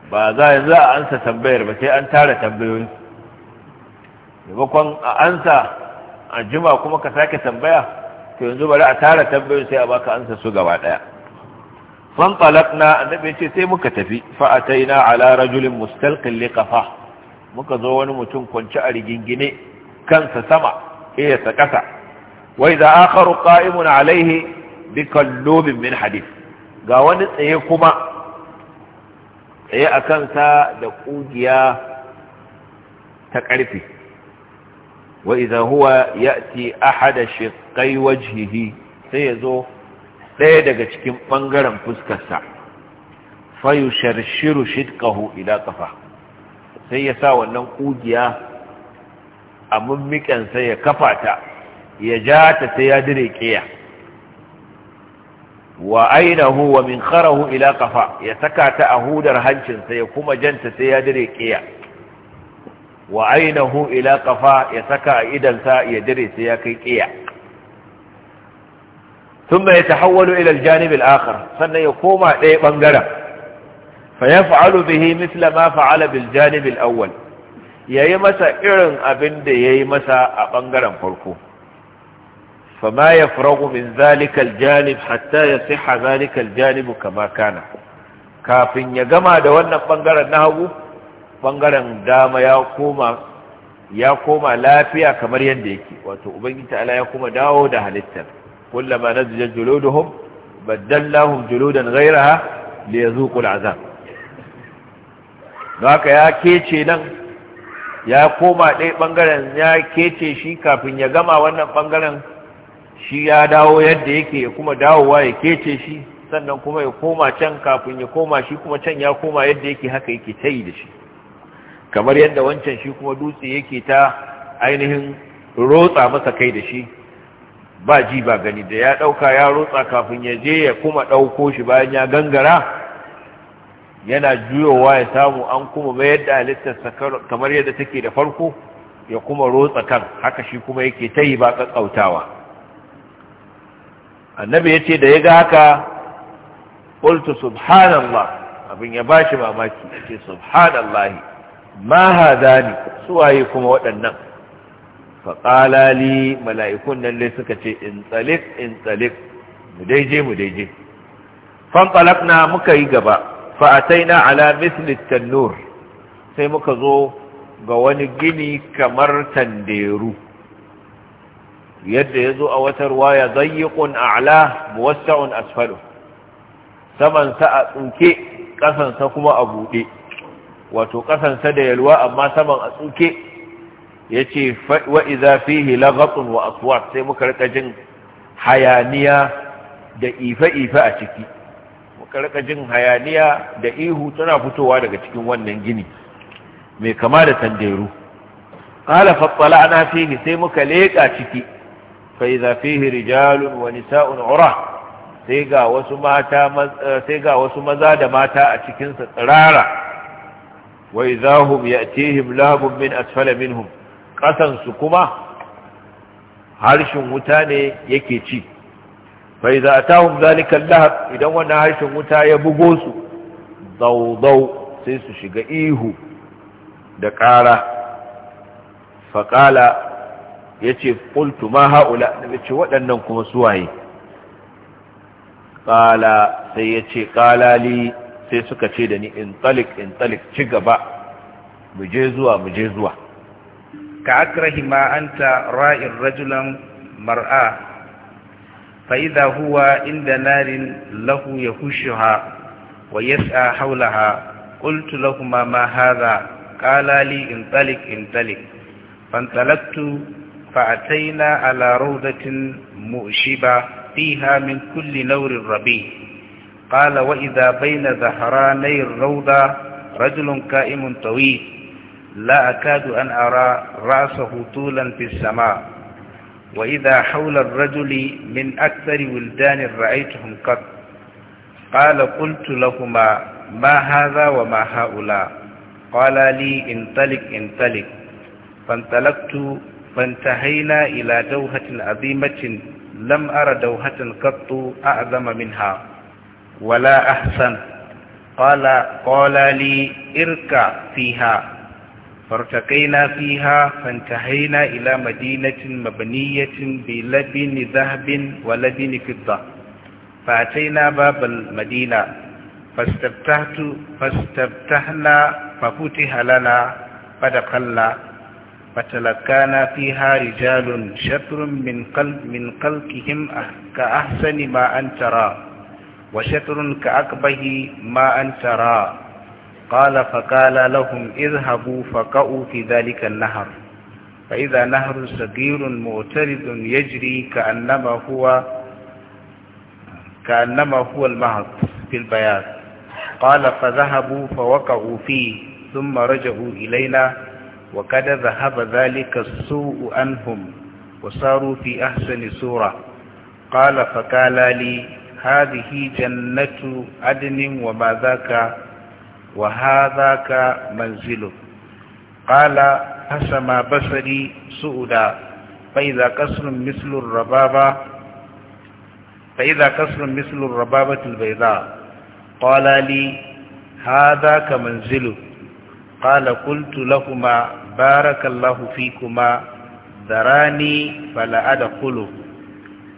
Speaker 2: ba za a ansa tambayar ba sai an tara tambayoyi maimakon a ansa a jima kuma ka sake tambaya to yanzu bari a tara tambayoyi sai a baka ansa su gaba daya fan na annabi ce sai muka tafi fa ataina ala rajulin mustalqin liqafa muka zo wani mutum kwance a rigingine kansa sama iya sa kasa wa idza akharu qa'imun alaihi bikallobin min hadith ga wani tsaye kuma tsaye a kansa da ƙugiya ta ƙarfi wa iza huwa ya'ti ahada shiqqai wajhihi sai yazo ɗaya daga cikin ɓangaren fuskarsa fayu sharshiru shidqahu ila ƙafa. sai ya sa wannan ƙugiya a mummikansa ya kafa ta ya ja ta sai ya dire wa ainihu wa min kharahu ila kafa ya saka ta a hudar hancinsa ya kuma janta sai ya dire kiya wa ainihu ila kafa ya saka a idansa ya dire sai ya kai kiya ثم يتحول إلى الجانب الآخر سنة يقوم عليه بنقرة فيفعل به مثل ما فعل بالجانب الأول abin da إرن أبند يأي مسا أبنقرة فرقه فما يفرغ من ذلك الجانب حتى يصح ذلك الجانب كما كان kafin ya gama da wannan bangaren na hagu bangaren dama ya koma ya koma lafiya kamar yadda yake wato ta ta'ala ya koma dawo da halittar kullama nazija juluduhum baddallahum juludan ghayraha liyazuqu al'azab haka ya kece nan ya koma dai bangaren ya kece shi kafin ya gama wannan bangaren shi ya dawo yadda yake ya kuma dawowa ya kece shi sannan kuma ya koma can kafin ya koma shi kuma can ya koma yadda yake haka yake tayi da shi kamar yadda wancan shi kuma dutse yake ta ainihin rotsa masa kai da shi ba ji ba gani da ya ɗauka ya rotsa kafin ya je ya kuma ɗauko shi bayan ya gangara yana juyowa ya samu an kuma mayar da halittarsa kamar yadda take da farko ya kuma rotsa kan haka shi kuma yake ta yi ba ƙaƙƙautawa annabi ya ce da ya ga haka ƙultu subhanallah abin ya ba shi mamaki ya ce subhanallah ma su suwaye kuma waɗannan faƙalali li mala'ikun nan dai suka ce in tsalik in tsalik mu daije mu daije na muka yi gaba fa na ala misli tannur sai muka zo ga wani gini kamar tanderu yadda ya zo a wata ruwaya zayyiqun a'la muwassa'un asfalu Samansa sa a tsuke kasan kuma a bude wato kasan da yalwa amma saman a tsuke yace wa idza fihi laghatun wa aswat sai muka rika jin hayaniya da ife-ife a ciki muka rika jin hayaniya da ihu tana fitowa daga cikin wannan gini mai kama da tanderu ƙala fa ana fihi sai muka leƙa ciki fa idza rijalun wa eh, sai ga wasu maza da mata a cikin tsirara wa idza hum ya'tihim min asfala minhum qasan su kuma harshen wuta ne yake ci fa idza atahum zalika lahab idan wannan harshen wuta ya bugo su Zauzau sai su shiga ihu da ƙara faƙala yace ƙultu ma haula nabi ce waɗannan kuma suwaye ƙala sai yace ce ƙalali sai suka ce da ni in tsalik in tsalik ci gaba mu je zuwa mu je zuwa
Speaker 1: ka akrahi ma anta ra'in rajulan mar'a fa idha huwa inda narin lahu ha wa yas'a ha ƙultu lahu ma ma haza ƙalali in tsalik in tsalik fantalaktu فأتينا على روضة مؤشبة فيها من كل نور الربيع قال وإذا بين ذهراني الروضة رجل كائم طويل لا أكاد أن أرى رأسه طولا في السماء وإذا حول الرجل من أكثر ولدان رأيتهم قط قال قلت لهما ما هذا وما هؤلاء قال لي انطلق انطلق فانطلقت فانتهينا إلى دوحة عظيمة لم أر دوحة قط أعظم منها ولا أحسن قال قال لي اركع فيها فارتقينا فيها فانتهينا إلى مدينة مبنية بلبن ذهب ولبن فضة فأتينا باب المدينة فاستفتحت فاستفتحنا ففتح لنا فدخلنا فتلقانا فيها رجال شطر من قلب من قلبهم كأحسن ما أن ترى وشطر كأكبه ما أن ترى قال فقال لهم اذهبوا فقعوا في ذلك النهر فإذا نهر صغير معترض يجري كأنما هو كأنما هو المهد في البياض قال فذهبوا فوقعوا فيه ثم رجعوا إلينا وقد ذهب ذلك السوء عنهم وصاروا في أحسن سورة قال فقال لي هذه جنة عدن وما ذاك وهذاك منزله قال حسما بصري سؤدا فإذا كسر مثل الربابة فإذا كسر مثل الربابة البيضاء قال لي هذا كمنزله قال قلت لهما بارك الله فيكما ذراني فلا أدخله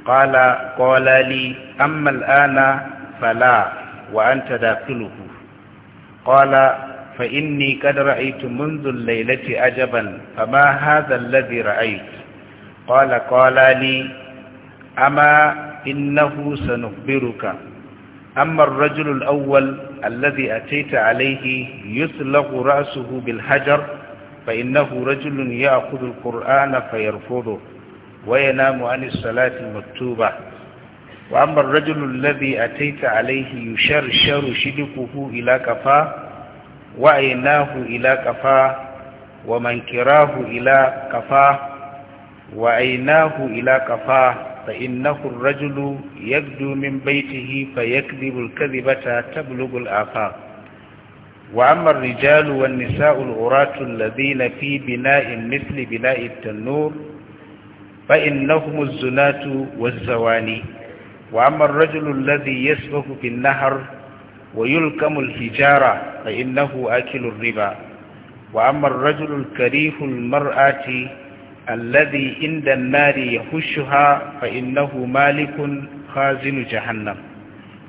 Speaker 1: قال قال لي أما الآن فلا وأنت داخله قال فإني قد رأيت منذ الليلة عجبا فما هذا الذي رأيت قال قال لي أما إنه سنخبرك أما الرجل الأول الذي أتيت عليه يسلغ رأسه بالحجر فإنه رجل يأخذ القرآن فيرفضه وينام عن الصلاة المكتوبة وأما الرجل الذي أتيت عليه يشرشر شدقه إلى كفاه وعيناه إلى كفاه ومنكراه إلى كفاه وعيناه إلى كفاه فإنه الرجل يبدو من بيته فيكذب الكذبة تبلغ الآفاق وأما الرجال والنساء الغراة الذين في بناء مثل بناء التنور فإنهم الزناة والزواني وأما الرجل الذي يسبح النهر ويلكم الحجارة فإنه آكل الربا وأما الرجل الكريه المرأة الذي عند النار يخشها فإنه مالك خازن جهنم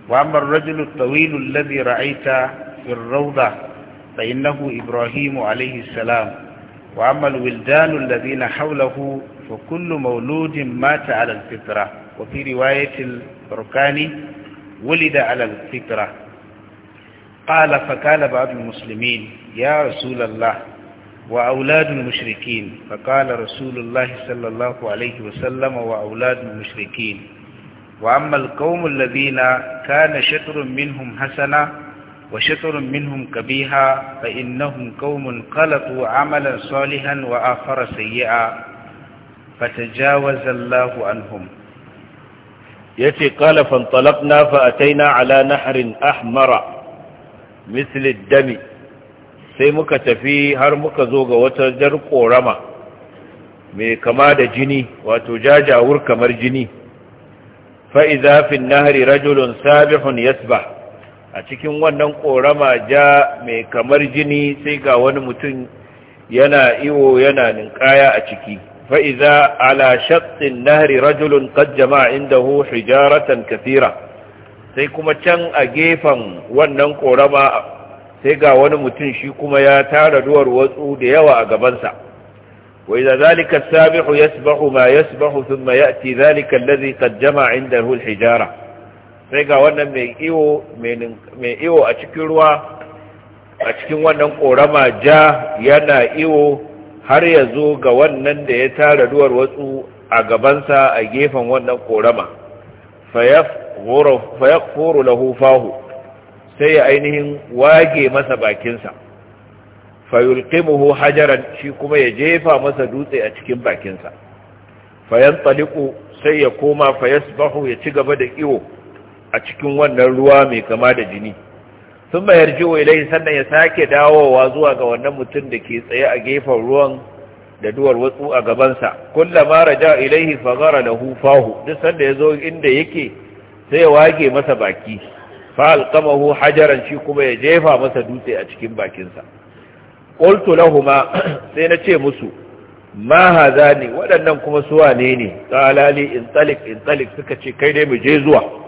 Speaker 1: وأما الرجل الطويل الذي رأيت في الروضة فإنه إبراهيم عليه السلام وأما الولدان الذين حوله فكل مولود مات على الفطرة وفي رواية البركاني ولد على الفطرة قال فقال بعض المسلمين يا رسول الله وأولاد المشركين فقال رسول الله صلى الله عليه وسلم وأولاد المشركين وأما القوم الذين كان شطر منهم حسنا وشطر منهم كبيها فإنهم قوم قلطوا عملا صالحا وآخر سيئا فتجاوز الله عنهم
Speaker 2: يتي قال فانطلقنا فأتينا على نحر أحمر مثل الدم سيمك تفي هرمك زوغ وتجر قورما من كماد جني وتجاج أور كمر جني فإذا في النهر رجل سابح يسبح a cikin wannan ƙorama ja mai kamar jini sai ga wani mutum yana iwo yana ninkaya a ciki fa'iza ala shaƙin nahari rajulun kajjama inda hu hijaratan kafira sai kuma can a gefen wannan ƙorama sai ga wani mutum shi kuma ya tara duwar watsu da yawa a gabansa وإذا ذلك السابح يسبح ما يسبح ثم يأتي ذلك الذي قد جمع عنده الحجارة sai ga wannan mai iwo a cikin ruwa a cikin wannan korama ja yana iwo har ya zo ga wannan da ya tara ruwar watsu a gabansa a gefen wannan korama horo na hufahu sai ya ainihin wage masa bakinsa fayulqimuhu hajaran shi kuma ya jefa masa dutse a cikin bakinsa fayan tsaliku sai ya koma fayas bahu ya ci gaba da iwo a cikin wannan ruwa mai kama da jini sun mayar jiwo ilai sannan ya sake dawowa zuwa ga wannan mutum da ke tsaye a gefen ruwan da duwar watsu a gabansa kulla mara ja ilaihi fagara da hufahu duk sanda ya zo inda yake sai ya wage masa baki fa'al kamahu hajaran shi kuma ya jefa masa dutse a cikin bakinsa ƙultu lahuma sai na ce musu ma haza ne waɗannan kuma suwa ne ne Tsalali, in tsalik in tsalik suka ce kai dai mu je zuwa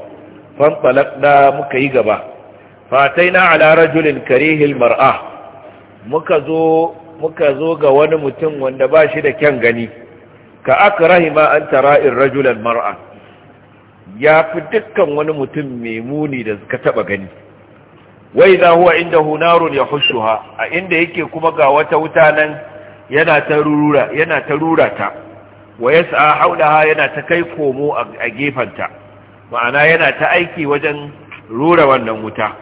Speaker 2: fantalaqna muka yi gaba fataina ala rajulin karihil mar'a muka zo muka zo ga wani mutum wanda ba shi da kyan gani ka akrahi ma an tara'ir rajulan mar'a ya fi dukkan wani mutum mai muni da ka taba gani wai za huwa inda hunarun ya hushuha a inda yake kuma ga wata wuta nan yana ta rura yana ta rura wa yas'a yana ta kai komo a gefanta ma'ana yana ta aiki wajen rura wannan wuta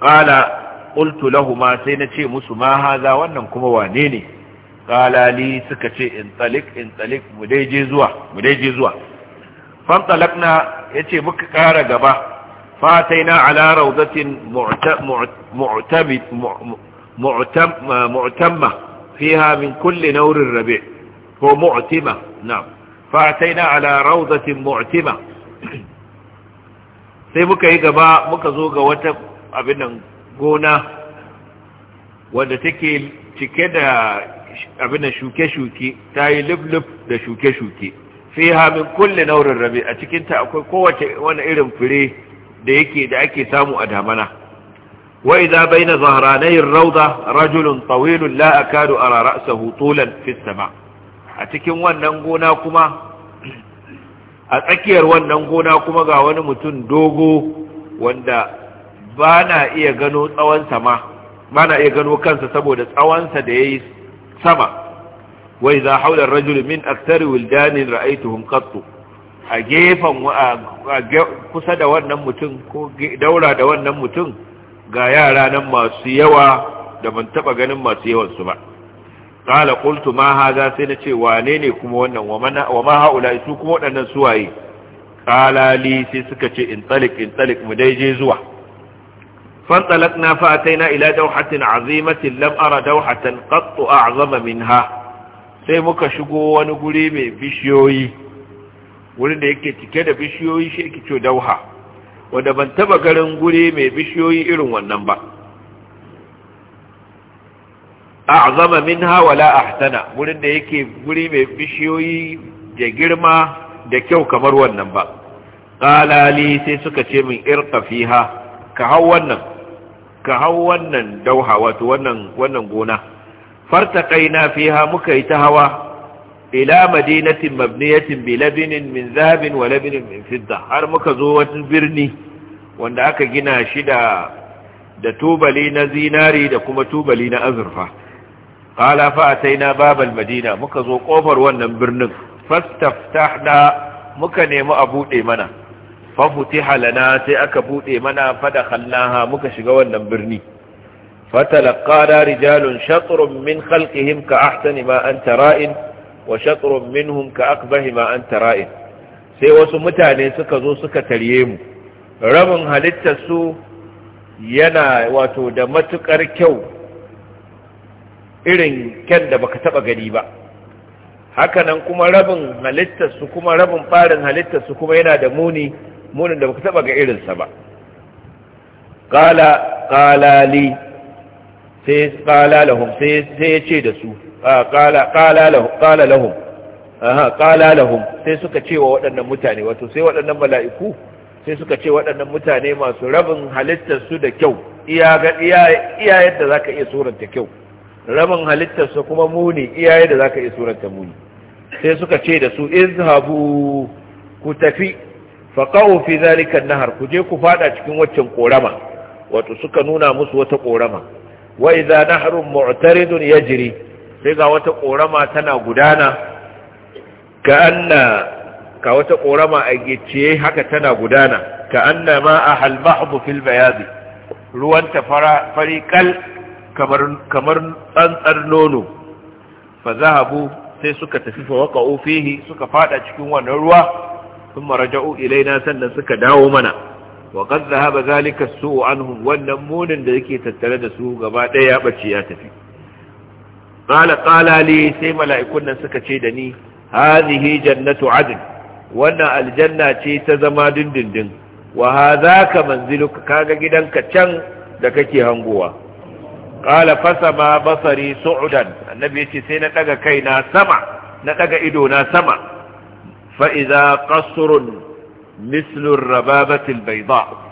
Speaker 2: Ƙala qultu lahumu sai na ce musu ma haza wannan kuma wane ne qala li suka ce in tsalik in talik mu dai je zuwa Fan dai je zuwa fan talakna yace muka kara gaba fataina ala rawdatin mu'tamid mu'tamma fiha min kulli nawrir rabi' ko mu'tima na'am fataina ala rawdatin mu'tima sai muka yi gaba muka zo ga wata abin gona wadda take cike da abin shuke-shuke ta yi lub-lub da shuke-shuke fi hamin kulle naurin rabi a cikinta akwai kowace wani irin fure da yake da ake samu a damana wai za bai na zaharanayin rauda rajulun tsawilun la'akadu a rara'asa hutulan fistama a cikin wannan gona kuma a tsakiyar wannan gona kuma ga wani mutum dogo wanda ba na iya gano tsawon sama ba na iya gano kansa saboda tsawonsa da ya yi sama wai za haula rajul min aktari wildanin ra'aituhum qattu a gefen kusa da wannan mutum ko daura da wannan mutum ga yara nan masu yawa da ban taba ganin masu yawan su ba qala kultu ma hadha sai na ce wane ne kuma wannan wa ma haula su kuma waɗannan suwaye qala li sai suka ce in talik in talik mu dai je zuwa فانطلقنا فأتينا ila دوحة azimatin لم أرى دوحة قط azama minha sai muka shigo wani guri mai bishiyoyi wurin da yake cike da bishiyoyi shi yake ce dauha wanda ban taba garin guri mai bishiyoyi irin wannan ba a'zama minha wala ahsana wurin da yake guri mai bishiyoyi da girma da kyau kamar wannan ba qala sai suka ce min irqa fiha ka hau wannan ka hau wannan dauha wato wannan wannan gona fartaqaina fiha muka yi ta hawa ila madinatin mabniyatin bi labinin min zahabin wa labinin min fidda har muka zo wani birni wanda aka gina shi da da tubali na zinari da kuma tubali na azurfa qala fa ataina babal madina muka zo ƙofar wannan birnin fastaftahna muka nemi a buɗe mana fa futiha lana sai aka buɗe mana fa dakhalnaha muka shiga wannan birni فتلقانا رجال شطر من خلقهم كأحسن ما أنت رائن وشطر منهم كأقبه ما أنت رائن sai wasu mutane suka zo suka tarye mu rabin halittarsu yana wato da matukar kyau irin Ken da baka taba gani ba hakanan kuma rabin halittarsu kuma rabin farin halittarsu kuma yana da muni munin da baka taba ga irinsa ba qala qala li sai qala lahum sai sai ce da su qala qala lahum qala lahum aha qala lahum sai suka ce wa waɗannan mutane wato sai waɗannan mala'iku sai suka ce waɗannan mutane masu rabin halittarsu da kyau iya ga iya iya yadda zaka iya suranta kyau rabin halittarsa kuma muni iyaye da zaka iya suranta muni sai suka ce da su izhabu ku tafi faqau fi zalika nahar ku je ku fada cikin waccan korama wato suka nuna musu wata korama wa idza nahrun mu'taridun yajri sai ga wata korama tana gudana ka anna ka wata korama a gice haka tana gudana ka anna ma ahal bahdhu fil bayadi ruwan ta fara fariqal kamar tsantsar nono fa zahabu sai suka tafi fa waqa'u fihi suka fada cikin wannan ruwa sun maraja'u ilaina sannan suka dawo mana wa qad zahaba zalika suu anhum wannan munin da yake tattare da su gaba daya ya bace ya tafi qala qala li sai mala'ikun nan suka ce da ni hadhihi jannatu adn wannan aljanna ce ta zama dindindin wa hadhaka manziluka kaga gidanka can da kake hangowa fasa ma basari su'udan annabi yace sai na daga kaina sama na daga ido na sama fa idza qasrun mislu rababati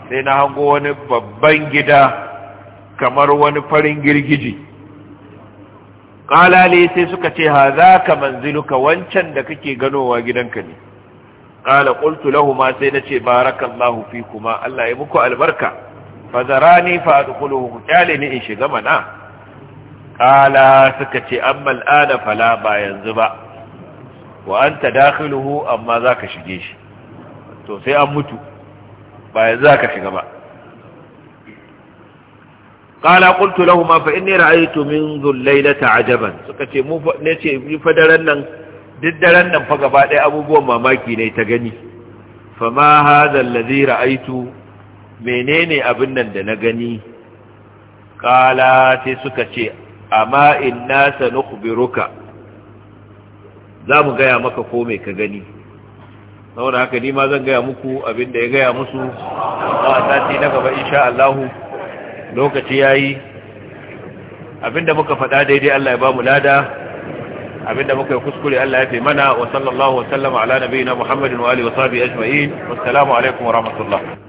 Speaker 2: sai na hango wani babban gida kamar wani farin girgiji ƙala li sai suka ce haza ka manziluka wancan da kake ganowa gidanka ne Ƙala qultu ma sai nace barakallahu kuma. Allah ya muku albarka fazarani fa adkhuluhu ku kyale ni in shiga mana Ƙala suka ce an al'ada fala ba yanzu ba wa an ta dakhiluhu amma za ka shige shi to sai an mutu ba yanzu za ka shiga ba kala qultu ma fa inni ra'aytu min dhullaylata ajaban suka ce mu ne ce fa daren nan duk daren nan fa gaba ɗaya abubuwan mamaki ne ta gani Fa ma hadha alladhi ra'aytu menene abin nan da na gani kala sai suka ce amma inna sanukhbiruka za mu gaya maka ko me ka gani saboda haka ni ma zan gaya muku abin da ya gaya musu a sati na gaba insha Allah lokaci yayi abinda muka faɗa daidai Allah ya ba mu lada abinda muka yi kuskure Allah ya fi mana wa sallallahu wa sallama ala nabiyina Muhammadin wa alihi wa sahbihi ajma'in wassalamu alaikum wa rahmatullah